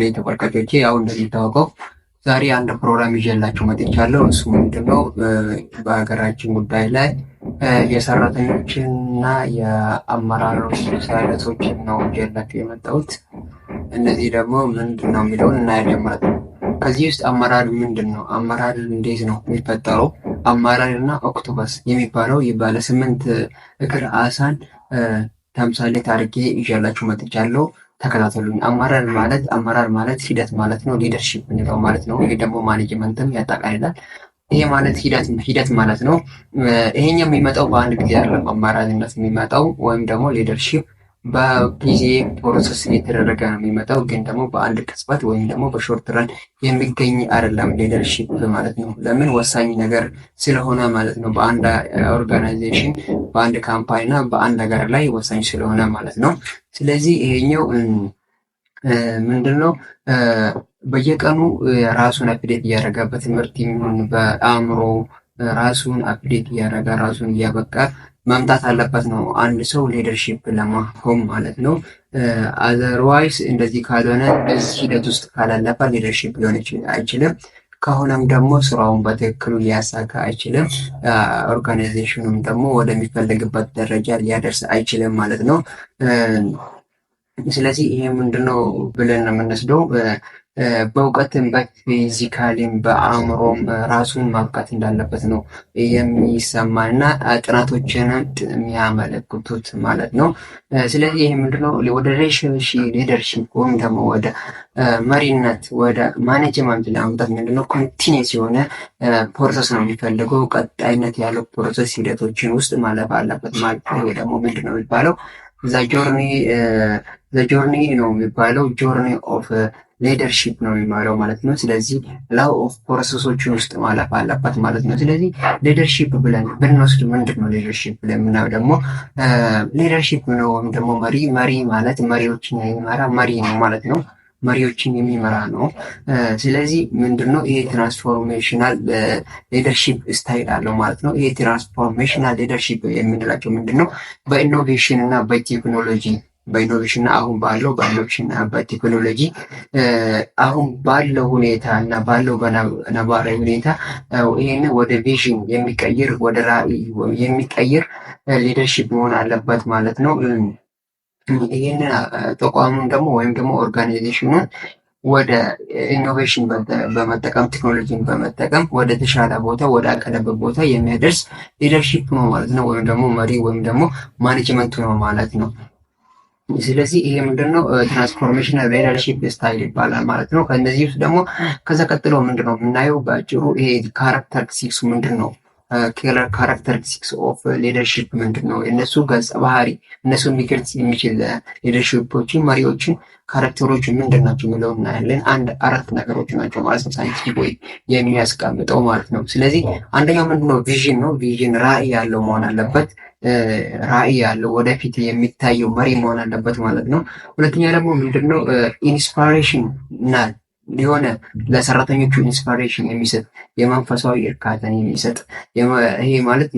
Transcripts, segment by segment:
ሬ ተመልካቾቼ ያው እንደሚታወቀው ዛሬ አንድ ፕሮግራም ይዤላችሁ መጥቻለሁ። እሱ ምንድነው በሀገራችን ጉዳይ ላይ የሰራተኞችንና የአመራር ስላለቶችን ነው ይዤላችሁ የመጣሁት። እነዚህ ደግሞ ምንድን ነው የሚለውን እናያለን ማለት ነው። ከዚህ ውስጥ አመራር ምንድን ነው? አመራር እንዴት ነው የሚፈጠረው? አመራር እና ኦክቶፐስ የሚባለው የባለ ስምንት እግር አሳን ተምሳሌ ታርጌ ይዤላችሁ መጥቻለሁ። ተከታተሉኝ። አመራር ማለት አመራር ማለት ሂደት ማለት ነው። ሊደርሺፕ እንለው ማለት ነው። ይሄ ደግሞ ማኔጅመንትም ያጠቃልላል። ይሄ ማለት ሂደት ማለት ነው። ይሄኛው የሚመጣው በአንድ ጊዜ አይደለም። አመራርነት የሚመጣው ወይም ደግሞ ሊደርሺፕ በጊዜ ፕሮሰስ እየተደረገ ነው የሚመጣው፣ ግን ደግሞ በአንድ ቅጽበት ወይም ደግሞ በሾርት ረን የሚገኝ አይደለም ሊደርሺፕ ማለት ነው። ለምን ወሳኝ ነገር ስለሆነ ማለት ነው። በአንድ ኦርጋናይዜሽን፣ በአንድ ካምፓኒ እና በአንድ ሀገር ላይ ወሳኝ ስለሆነ ማለት ነው። ስለዚህ ይሄኛው ምንድን ነው በየቀኑ ራሱን አፕዴት እያደረገ በትምህርት የሚሆን በአእምሮ ራሱን አፕዴት እያደረገ ራሱን እያበቃ መምታት አለበት ነው አንድ ሰው ሊደርሺፕ ለማሆን ማለት ነው። አዘርዋይስ እንደዚህ ካልሆነ እዚህ ሂደት ውስጥ ካላለፈ ሊደርሺፕ ሊሆን አይችልም። ከሆነም ደግሞ ስራውን በትክክሉ ሊያሳካ አይችልም። ኦርጋናይዜሽኑም ደግሞ ወደሚፈልግበት ደረጃ ሊያደርስ አይችልም ማለት ነው። ስለዚህ ይሄ ምንድነው ብለን የምንወስደው በእውቀትም በፊዚካሊም በአእምሮም ራሱን ማብቃት እንዳለበት ነው የሚሰማን እና ጥናቶችን የሚያመለክቱት ማለት ነው። ስለዚህ ይህ ምንድነው ወደ ሬሽ ሊደርሽፕ ወይም ደግሞ ወደ መሪነት ወደ ማኔጅመንት ለማምጣት ምንድነው ኮንቲኒስ የሆነ ፕሮሰስ ነው የሚፈልገው። ቀጣይነት ያለው ፕሮሰስ ሂደቶችን ውስጥ ማለፍ አለበት ማለት ነው። ደግሞ ምንድነው የሚባለው እዛ ጆርኒ ጆርኒ ነው የሚባለው ጆርኒ ኦፍ ሊደርሺፕ ነው የሚባለው ማለት ነው። ስለዚህ ላው ኦፍ ፕሮሰሶችን ውስጥ ማለፍ አለባት ማለት ነው። ስለዚህ ሊደርሺፕ ብለን ብንወስድ ምንድን ነው ሊደርሺፕ ብለን የምናየው ደግሞ ሊደርሺፕ uh, ነው ወይም ደግሞ መሪ መሪ ማለት መሪዎችን የሚመራ መሪ ነው ማለት ነው። መሪዎችን የሚመራ ነው። uh, ስለዚህ ምንድነው ይሄ ትራንስፎርሜሽናል ሊደርሺፕ ስታይል አለው ማለት ነው። ይሄ ትራንስፎርሜሽናል ሊደርሺፕ የምንላቸው ምንድነው በኢኖቬሽን እና በቴክኖሎጂ በኢኖቬሽን አሁን ባለው በኢኖቬሽንና በቴክኖሎጂ አሁን ባለው ሁኔታ እና ባለው በነባራዊ ሁኔታ ይህን ወደ ቪዥን የሚቀይር ወደ ራዕይ የሚቀይር ሊደርሽፕ መሆን አለበት ማለት ነው። ይህንን ተቋሙን ደግሞ ወይም ደግሞ ኦርጋናይዜሽኑን ወደ ኢኖቬሽን በመጠቀም ቴክኖሎጂን በመጠቀም ወደ ተሻለ ቦታ ወደ አቀደበት ቦታ የሚያደርስ ሊደርሺፕ ነው ማለት ነው። ወይም ደግሞ መሪ ወይም ደግሞ ማኔጅመንቱ ነው ማለት ነው። ስለዚህ ይሄ ምንድነው ትራንስፎርሜሽን ሊደርሺፕ ስታይል ይባላል ማለት ነው። ከነዚህ ውስጥ ደግሞ ከዛ ቀጥሎ ምንድነው የምናየው በአጭሩ ይሄ ካራክተሪስቲክሱ ምንድን ነው? ሲክስ ኦፍ ሊደርሺፕ ምንድን ነው? የእነሱ ገጸ ባህሪ እነሱ የሚገልጽ የሚችል ሊደርሺፖችን፣ መሪዎችን፣ ካራክተሮች ምንድን ናቸው የሚለው እናያለን። አንድ አራት ነገሮች ናቸው ማለት ነው ሳይንቲፊክ ወይ የሚያስቀምጠው ማለት ነው። ስለዚህ አንደኛው ምንድነው ቪዥን ነው። ቪዥን ራዕይ ያለው መሆን አለበት። ራዕይ ያለው ወደፊት የሚታየው መሪ መሆን አለበት ማለት ነው። ሁለተኛ ደግሞ ምንድነው ኢንስፓሬሽን ና የሆነ ለሰራተኞቹ ኢንስፓሬሽን የሚሰጥ የመንፈሳዊ እርካታን የሚሰጥ ይሄ ማለት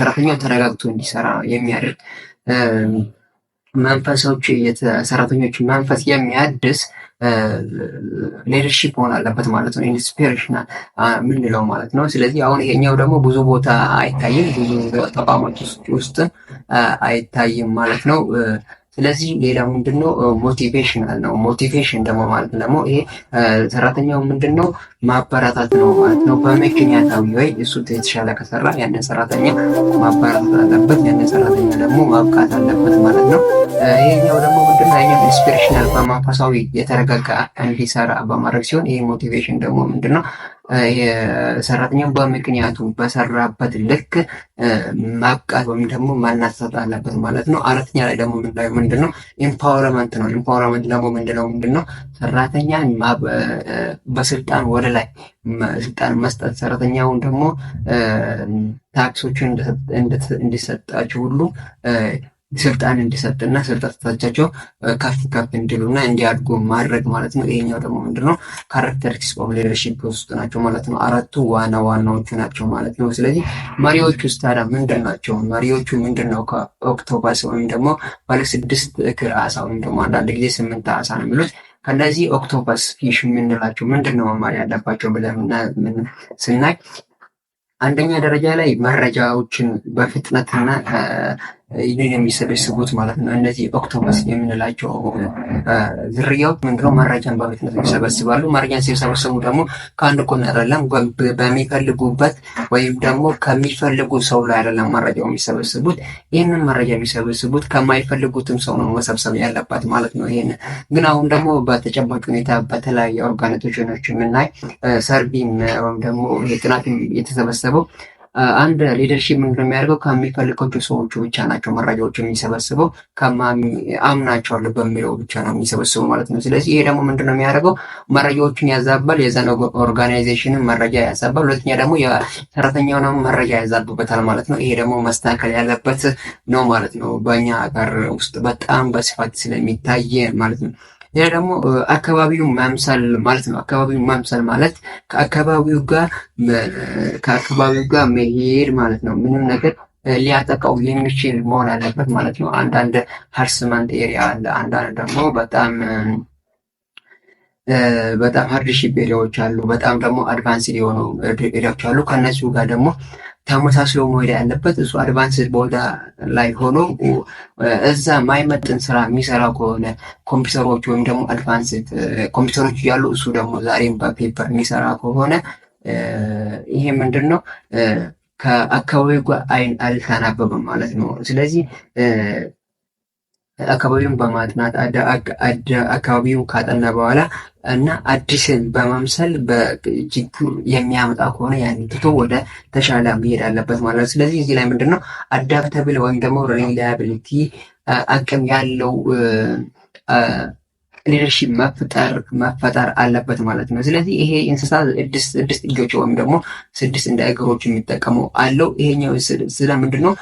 ሰራተኛው ተረጋግቶ እንዲሰራ የሚያደርግ መንፈሶች የሰራተኞች መንፈስ የሚያድስ ሌደርሺፕ መሆን አለበት ማለት ነው። ኢንስፒሬሽናል የምንለው ማለት ነው። ስለዚህ አሁን ይሄኛው ደግሞ ብዙ ቦታ አይታይም፣ ብዙ ተቋማት ውስጥ አይታይም ማለት ነው። ስለዚህ ሌላ ምንድነው ሞቲቬሽናል ነው። ሞቲቬሽን ደግሞ ማለት ደግሞ ይሄ ሰራተኛው ምንድነው ማበረታት ነው ማለት ነው። በምክንያታዊ ወይ እሱ የተሻለ ከሰራ ያንን ሰራተኛ ማበረታት አለበት፣ ያንን ሰራተኛ ደግሞ ማብቃት አለበት ማለት ነው። ይሄኛው ደግሞ ምንድነው ይህኛው ኢንስፒሬሽናል በመንፈሳዊ የተረጋጋ እንዲሰራ በማድረግ ሲሆን ይሄ ሞቲቬሽን ደግሞ ምንድነው ሰራተኛው በምክንያቱ በሰራበት ልክ ማብቃት ወይም ደግሞ ማናሳት አለበት ማለት ነው። አራተኛ ላይ ደግሞ ምንድነው ምንድነው ኢምፓወርመንት ነው። ኢምፓወርመንት ደግሞ ምንድነው ምንድነው ሰራተኛን በስልጣን ወደ ላይ ስልጣን መስጠት ሰራተኛውን ደግሞ ታክሶችን እንዲሰጣቸው ሁሉ ስልጣን እንዲሰጥና ስልጣቶቻቸው ከፍ ከፍ እንዲሉና እንዲያድጉ ማድረግ ማለት ነው። ይሄኛው ደግሞ ምንድነው ካራክተሪስቲክስ ኦፍ ሊደርሺፕ ውስጥ ናቸው ማለት ነው። አራቱ ዋና ዋናዎቹ ናቸው ማለት ነው። ስለዚህ መሪዎቹ ስታዳ ምንድን ናቸው? መሪዎቹ ምንድነው? ከኦክቶፓስ ወይም ደግሞ ባለ ስድስት እግር አሳ ወይም ደግሞ አንዳንድ ጊዜ ስምንት አሳ ነው የሚሉት ከነዚህ ኦክቶፓስ ፊሽ የምንላቸው ነው መማር ያለባቸው ብለን ስናይ አንደኛ ደረጃ ላይ መረጃዎችን በፍጥነትና ኢዩን የሚሰበስቡት ማለት ነው። እነዚህ ኦክቶፐስ የምንላቸው ዝርያዎች ምንድነው መረጃን በፍጥነት ይሰበስባሉ። መረጃን ሲሰበስቡ ደግሞ ከአንድ ጎን አይደለም፣ በሚፈልጉበት ወይም ደግሞ ከሚፈልጉ ሰው ላይ አይደለም መረጃው የሚሰበስቡት። ይህንን መረጃ የሚሰበስቡት ከማይፈልጉትም ሰው ነው መሰብሰብ ያለባት ማለት ነው። ይህን ግን አሁን ደግሞ በተጨባጭ ሁኔታ በተለያዩ ኦርጋናይዜሽኖች የምናይ ሰርቢም ወይም ደግሞ ጥናት የተሰበሰበው አንድ ሊደርሺፕ ምንድነው የሚያደርገው ከሚፈልጋቸው ሰዎቹ ብቻ ናቸው መረጃዎች የሚሰበስበው አምናቸዋለሁ በሚለው ብቻ ነው የሚሰበስበው ማለት ነው። ስለዚህ ይሄ ደግሞ ምንድነው የሚያደርገው መረጃዎችን ያዛባል፣ የዛን ኦርጋናይዜሽንን መረጃ ያዛባል። ሁለተኛ ደግሞ የሰራተኛውን መረጃ ያዛቡበታል ማለት ነው። ይሄ ደግሞ መስተካከል ያለበት ነው ማለት ነው። በእኛ ሀገር ውስጥ በጣም በስፋት ስለሚታይ ማለት ነው። ሌላ ደግሞ አካባቢውን መምሰል ማለት ነው። አካባቢውን መምሰል ማለት ከአካባቢው ጋር ከአካባቢው ጋር መሄድ ማለት ነው። ምንም ነገር ሊያጠቃው የሚችል መሆን አለበት ማለት ነው። አንዳንድ ሀርስመንት ኤሪያ አለ። አንዳንድ ደግሞ በጣም በጣም ሀርድሺፕ ኤሪያዎች አሉ። በጣም ደግሞ አድቫንስድ የሆኑ ኤሪያዎች አሉ። ከእነሱ ጋር ደግሞ ተመሳስሎ መሄድ ያለበት እሱ አድቫንስ ቦታ ላይ ሆኖ እዛ ማይመጥን ስራ የሚሰራ ከሆነ ኮምፒውተሮች ወይም ደግሞ አድቫንስ ኮምፒውተሮች እያሉ እሱ ደግሞ ዛሬም በፔፐር የሚሰራ ከሆነ ይሄ ምንድን ነው ከአካባቢው ጋር አይን አልተናበብም ማለት ነው። ስለዚህ አካባቢውን በማጥናት አካባቢውን ካጠና በኋላ እና አዲስን በማምሰል በእጅጉ የሚያመጣ ከሆነ ያን ትቶ ወደ ተሻለ መሄድ አለበት ማለት ነው። ስለዚህ እዚህ ላይ ምንድን ነው አዳፕተብል ወይም ደግሞ ሪላያብሊቲ አቅም ያለው ሊደርሺፕ መፍጠር መፈጠር አለበት ማለት ነው። ስለዚህ ይሄ እንስሳ ስድስት እጆች ወይም ደግሞ ስድስት እንደ እግሮች የሚጠቀመው አለው። ይሄኛው ስለምንድን ነው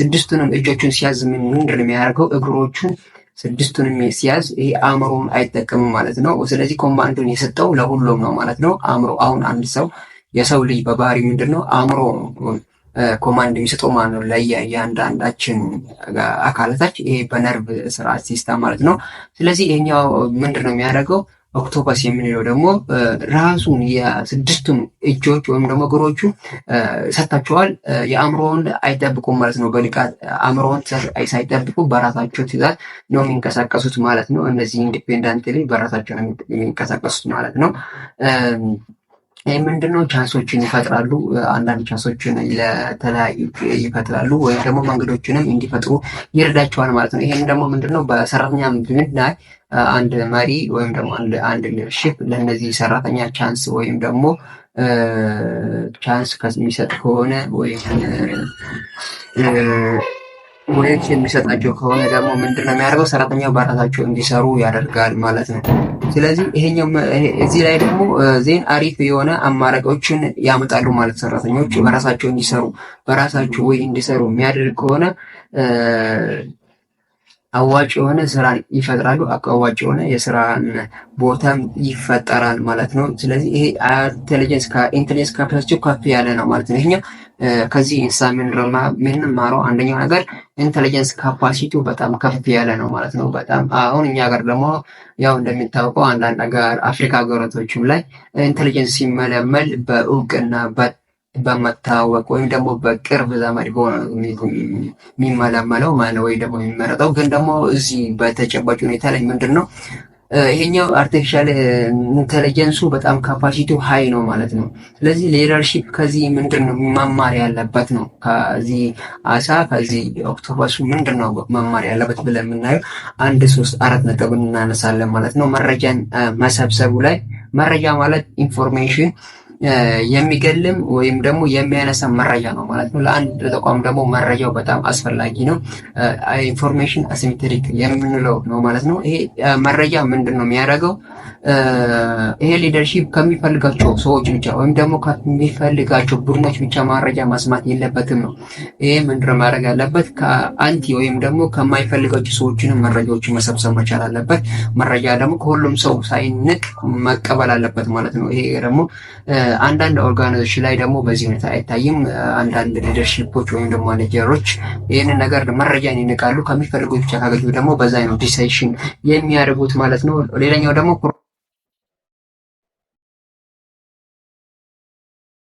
ስድስቱንም እጆቹን ሲያዝ ምንድን የሚያደርገው እግሮቹን ስድስቱንም ሲያዝ ይሄ አእምሮውን አይጠቀምም ማለት ነው። ስለዚህ ኮማንዱን የሰጠው ለሁሉም ነው ማለት ነው። አእምሮ አሁን አንድ ሰው የሰው ልጅ በባህሪ ምንድን ነው አእምሮ ኮማንድ የሚሰጠው ማለት ነው። ለእያንዳንዳችን አካላታች ይሄ በነርቭ ስራ ሲስተም ማለት ነው። ስለዚህ ይሄኛው ምንድን ነው የሚያደርገው? ኦክቶፐስ የምንለው ደግሞ ራሱን የስድስቱን እጆች ወይም ደግሞ እግሮቹ ሰጥታቸዋል። የአእምሮውን አይጠብቁም ማለት ነው። በልቃት አእምሮውን ሳይጠብቁ በራሳቸው ትዕዛዝ ነው የሚንቀሳቀሱት ማለት ነው። እነዚህ ኢንዲፔንዳንት በራሳቸው ነው የሚንቀሳቀሱት ማለት ነው። ምንድነው ቻንሶችን ይፈጥራሉ። አንዳንድ ቻንሶችን ለተለያዩ ይፈጥራሉ ወይም ደግሞ መንገዶችንም እንዲፈጥሩ ይረዳቸዋል ማለት ነው። ይህም ደግሞ ምንድነው በሰራተኛ ብናይ አንድ መሪ ወይም ደግሞ አንድ ሊደርሺፕ ለእነዚህ ሰራተኛ ቻንስ ወይም ደግሞ ቻንስ ከሚሰጥ ከሆነ ወይም ወይች የሚሰጣቸው ከሆነ ደግሞ ምንድን ነው የሚያደርገው? ሰራተኛው በራሳቸው እንዲሰሩ ያደርጋል ማለት ነው። ስለዚህ ይሄኛው እዚህ ላይ ደግሞ ዜን አሪፍ የሆነ አማራጮችን ያመጣሉ ማለት ሰራተኞች በራሳቸው እንዲሰሩ በራሳቸው ወይ እንዲሰሩ የሚያደርግ ከሆነ አዋጭ የሆነ ስራ ይፈጥራሉ። አዋጭ የሆነ የስራ ቦታም ይፈጠራል ማለት ነው። ስለዚህ ይሄ ኢንቴሊጀንስ ካፓሲቲው ከፍ ያለ ነው ማለት ነው ይሄኛው ከዚህ እንስሳ የምንማረው አንደኛው ነገር ኢንተለጀንስ ካፓሲቲው በጣም ከፍ ያለ ነው ማለት ነው። በጣም አሁን እኛ ሀገር ደግሞ ያው እንደሚታወቀው አንዳንድ ነገር አፍሪካ ሀገሮቶችም ላይ ኢንተለጀንስ ሲመለመል በእውቅና በመታወቅ ወይም ደግሞ በቅርብ ዘመድ በሆነ የሚመለመለው ወይ ደግሞ የሚመረጠው ግን ደግሞ እዚህ በተጨባጭ ሁኔታ ላይ ምንድን ነው ይሄኛው አርቲፊሻል ኢንተለጀንሱ በጣም ካፓሲቲው ሀይ ነው ማለት ነው። ስለዚህ ሊደርሺፕ ከዚህ ምንድን ነው መማር ያለበት ነው። ከዚህ አሳ ከዚህ ኦክቶፐሱ ምንድን ነው መማር ያለበት ብለን የምናየው አንድ ሶስት አራት ነጥብ እናነሳለን ማለት ነው። መረጃን መሰብሰቡ ላይ መረጃ ማለት ኢንፎርሜሽን የሚገልም ወይም ደግሞ የሚያነሳ መረጃ ነው ማለት ነው። ለአንድ ተቋም ደግሞ መረጃው በጣም አስፈላጊ ነው። ኢንፎርሜሽን አሲሜትሪክ የምንለው ነው ማለት ነው። ይሄ መረጃ ምንድን ነው የሚያደርገው? ይሄ ሊደርሺፕ ከሚፈልጋቸው ሰዎች ብቻ ወይም ደግሞ ከሚፈልጋቸው ቡድኖች ብቻ መረጃ ማስማት የለበትም ነው። ይሄ ምንድነው ማድረግ ያለበት? ከአንቲ ወይም ደግሞ ከማይፈልጋቸው ሰዎችንም መረጃዎችን መሰብሰብ መቻል አለበት። መረጃ ደግሞ ከሁሉም ሰው ሳይንቅ መቀበል አለበት ማለት ነው። ይሄ ደግሞ አንዳንድ ኦርጋኖች ላይ ደግሞ በዚህ ሁኔታ አይታይም። አንዳንድ ሊደርሽፖች ወይም ደግሞ ማኔጀሮች ይህንን ነገር መረጃን ይንቃሉ። ከሚፈልጉት ብቻ ካገኙ ደግሞ በዛ ነው ዲሳይሽን የሚያደርጉት ማለት ነው። ሌላኛው ደግሞ